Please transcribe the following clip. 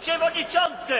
Przewodniczący!